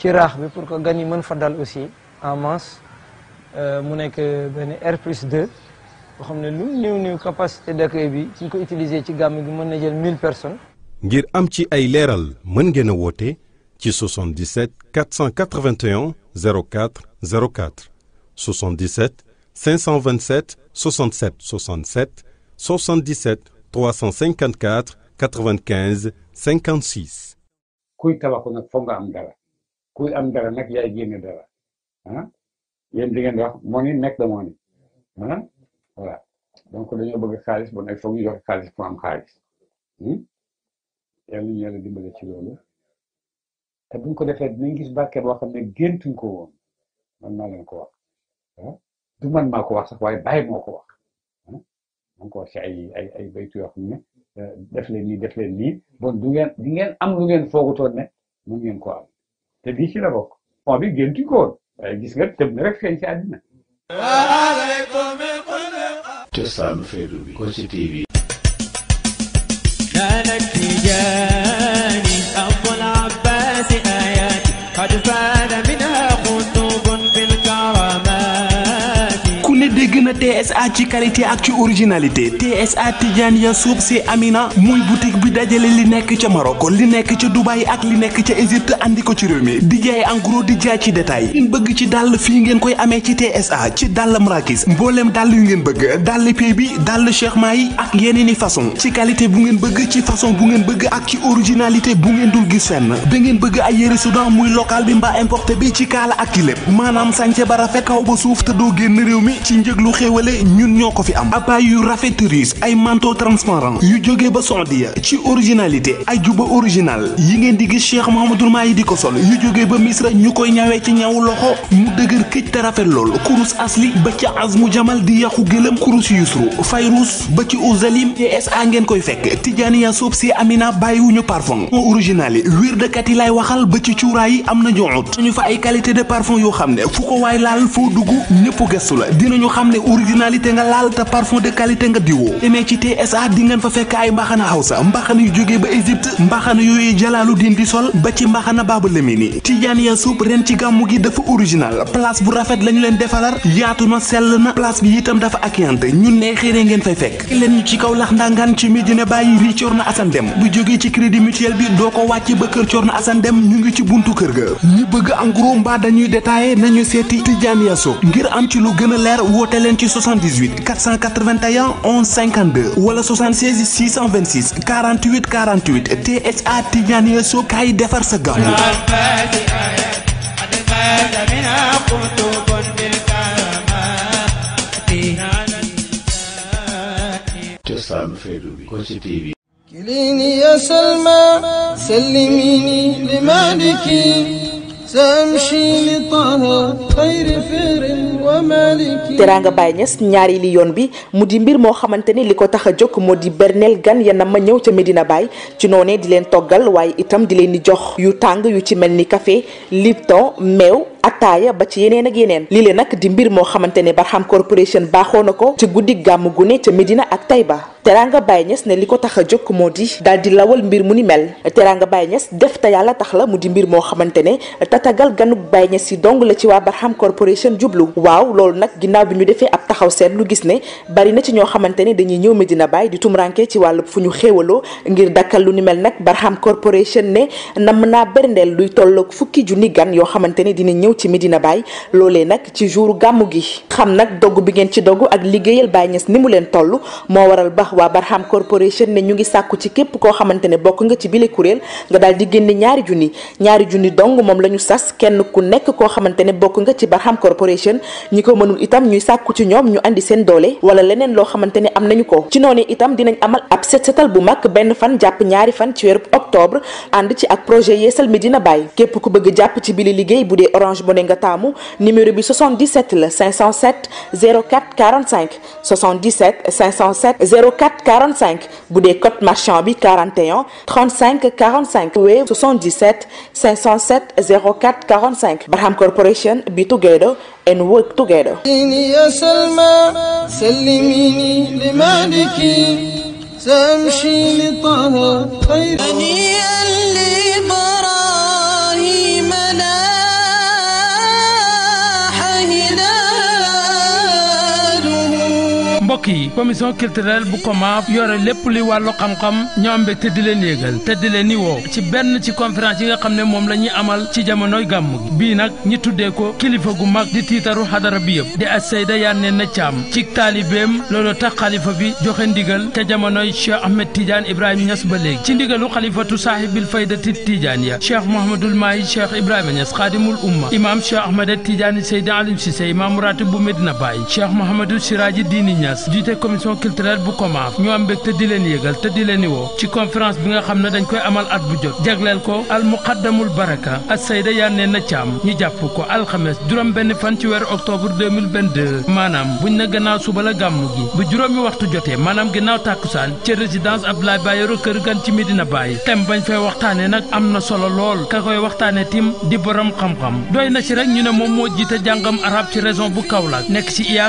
S3: ci raax bi pour que gan yi mën fa dal aussi en masse euh, mu nekk euh, benn R plus 2 boo xam ne lu néew néew capacité d'accueil bi suñ ko utiliser ci gàmm gi mën na jël mille personnes.
S1: ngir am ci ay leeral mën ngeen a woote ci 77 481 04 04 77. 527 67 67 77 354 95 56.
S2: kuy tabaxu nag foog nga am dara kuy am dara nag yaay génne dara ah yéen di ngeen wax moo ni nekk da moo ni ah donc dañoo bëgg xaalis bon nag foog ñu joxe xaalis pour am xaalis hmm? yàlla ñu yàlla dimbale ci loolu te buñ ko defee dinañ gis barke boo xam ne géntuñ ko woon man maa leen ko wax ah? du man maa ko wax sax waaye bàyyi moo ko wax ma ko wax ci ay ay ay baytu yoo xam ne euh, def leen nii def leen nii bon du ngeen di ngeen am lu ngeen foogutoon ne mu ngeen ko am te bii ci la bokk pont bi géntuñ ko woon waaye gis nga tëb na rek feeñ ci àddina cosaanu feetu bi Kossy TV
S9: كانت في جاني أبو العباس آياتي
S4: قد فات na TSA ci qualité ak ci originalité TSA Tijaniya suub si Amina muy boutique bi dajalee li nekk ca Maroc li nekk ca Dubaï ak li nekk ca Égypte andi ko ci réew mi di jaay en gros di jaay ci détail ngeen bëgg ci dàll fii ngeen koy amee ci TSA ci dàll Mrakis mbooleem dàll yu ngeen bëgg dàll pay bi dàll Cheikh yi ak yeneen i façon ci qualité bu ngeen bëgg ci façon bu ngeen bëgg ak ci originalité bu ngeen dul gis fenn da ngeen bëgg ay yére Soudan muy local bi mbaa importé bi ci kaala ak ci lépp maanaam sànce ba ba suuf te doo génn réew mi ci njëglu mu xéewale ñun ñoo ko fi am abbaay yu rafet riis ay manteau transparent yu jógee ba Saudiya ci originalité ay juba original yi ngeen di gis Cheikh Mouhamadoul yi di ko sol yu jógee ba Misra ñu koy ñawee ci ñaw loxo mu dëgër këj te rafet lool kurus asli ba ci azmu jamal di yàqu gëlëm kurus yusru fayrus ba ci uzalim TSA ngeen koy fekk Tijaaniya soob si Amina bàyyiwuñu parfum moo original yi wirdekat yi lay waxal ba ci cuuraay yi am na joxut ñu fa ay qualité de parfum yoo xam ne fu laal foo dugg ñëpp originalité nga laal te parfum de qualité nga diwoo demee ci TSA di fa fekk ay mbaxana hawsa mbaxana yu jógee ba Égypte mbaxana yooyu jalaalu din sol ba ci mbaxana baabu lemini tijaan suub ren ci gàmmu gi dafa original place bu rafet lañu leen defalar yaatu na sell na place bi itam dafa accueillante ñun ne xëy ngeen fay fekk leen ñu ci kaw lax ndangaan ci Medina Baye rii coor na Assane Dem bu jógee ci crédit mutuel bi doo ko wàcc ba kër coor na Assane Dem ñu ngi ci buntu kër ga ñu bëgg en gros mbaa dañuy détaillé nañu ya suub leen ci 78 481 11 52 wala 76 626 48 48 TSA Tidiane soo kaay defar sa gàll.
S10: cosaanu feetu bi Kossy TV.
S6: كليني يا سلمى سلميني لمالكي
S5: teraanga Baye Niass ñaari li yoon bi mu di mbir moo xamante ni li ko tax a jóg moo di berneel gan ya na ma ñëw ca Medina Baye ci noonee di leen toggal waaye itam di leen di jox yu tàng yu ci mel ni café Lipton meew attaaya ba ci yeneen ak yeneen lii le nag di mbir moo xamante ne Barham Corporation baaxoo na ko ci guddi gàmm gune ca Medina ak Taïba Teranga Baye ñees ne li ko tax a jóg moo di daal di lawal mbir mu ni mel Teranga Baye Niass def te yàlla tax la mu di mbir moo xamante ne tatagal ganu Baye Niass yi dong la ci waa Barham Corporation jublu waaw loolu nag ginnaaw bi ñu defee ab taxaw seet lu gis ne bari na ci ñoo xamante ne dañuy ñëw Medina Baye di tumranke ci wàllu fu ñu xéewaloo ngir dakkal lu ni mel nag Barham Corporation ne nam naa berndeel luy tolloog fukki junni yoo xamante ne dina ñëw ci Medina Baye loolee nag ci jouru gàmmu gi xam nag dogg bi ngeen ci dogg ak liggéeyal Baye Niass ni mu leen toll moo waral ba tax waa Barham Corporation ne ñu ngi sàkku ci képp koo xamante ne bokk nga ci bile kuréel nga daal di génne ñaari junni ñaari junni dong moom la ñu sas kenn ku nekk koo xamante bokk nga ci Barham Corporation ñi ko mënul itam ñuy sàkku ci ñoom ñu andi seen doole wala leneen loo xamante am nañu ko ci noonu itam dinañ amal ab set setal bu mag benn fan jàpp ñaari fan ci weeru octobre ànd ci ak projet yeesal Medina Baye képp ku bëgg jàpp ci bile liggéey 44 45 bu dee code bi 41 35 45 web 77 507 04 45 Corporation be together and work together.
S9: mbokk yi commission culturelle bu COMAF yore lépp li wàllu xam-xam ñoo te di leen yéegal te di leen ni woo ci benn ci conférence yi nga xam ne moom la ñuy amal ci jamonoy gàmm gi bii nag ñi tuddee ko kilifa gu mag di tiitaru xadara bi yëpp di as sayda yànnee na caam ci taalibeem loolu tax xalifa bi joxe ndigal te jamonoy Cheikh Ahmed Tidiane Ibrahima Niass ba léegi ci ndigalu xalifatu saahibil faydati Tidiane ya Cheikh Mouhamadul Mahi Cheikh Ibrahima Niass xaadimul umma imaam Cheikh Ahmed Tidiane Seydi Alim Cissé imaam ratib bu Medina jiite commission culturelle bu COMAF ñoo am mbégte di leen yëgal te di leen woo ci conférence bi nga xam ne dañ koy amal at bu jot jagleel ko al muqaddamul baraka ak sayda yaane na caam ñu jàpp ko alxames juróom benn fan ci weeru octobre 2022 maanaam buñ na gannaaw suba la gàmm gi bu juróomi waxtu jotee maanaam ginnaaw tàkkusaan ci résidence Abdoulaye Bayero kër gan ci Medina Baye thème bañ fay waxtaane nag am na solo lool ka koy waxtaane tim di borom xam-xam doy na ci rek ñu ne moom moo jiite jàngam arab ci région bu Kaolack nekk ci IA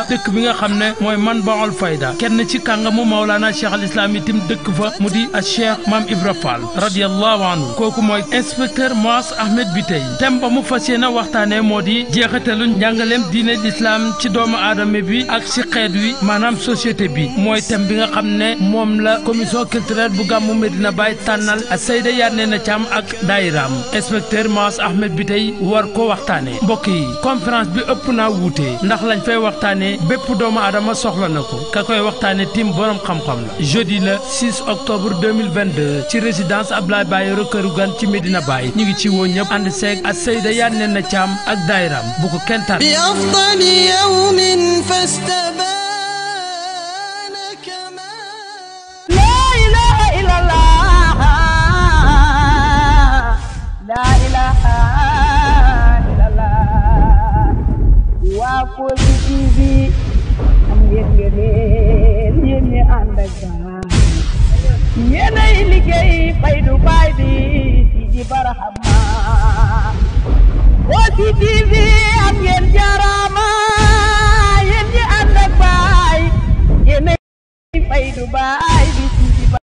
S9: Touba dëkk bi nga xam ne mooy man baol fayda kenn ci kàngamu Mawlana Cheikh al Islam itam dëkk fa mu di a Cheikh Maam Ibra Fall radiyallahu anhu kooku mooy inspecteur Moas Ahmed Bitey thème ba mu fas yéene waxtaanee moo di jeexitalu njàngaleem diine lislaam ci doomu aadama bi ak ci xeet wi maanaam société bi mooy thème bi nga xam ne moom la commission culturelle bu gàmmu Medina Baye tànnal a Seyda Yane na Thiam ak daayiraam inspecteur Moas Ahmed Bitey war ko waxtaanee mbokk yi conférence bi ëpp naa wuute ne bépp doomu aadama soxla na ko ka koy waxtaane tim borom xam-xam la jeudi la 6 octobre 2022 ci résidence Ablaye Baye Këru Gan ci Medina Baye ñu ngi ci woo ñëpp ànd seeg ak Seyda Yane na Thiam ak Dayram bu ko kentaan
S4: Kossy TV am ngeen ngeen yéen ñi ànd ak baay
S5: yéenay liggéey faydu baay bi ci di barahama Kossy TV am ngeen jaaraama yéen ñi ànd ak baay yéenay faydu
S3: baay bi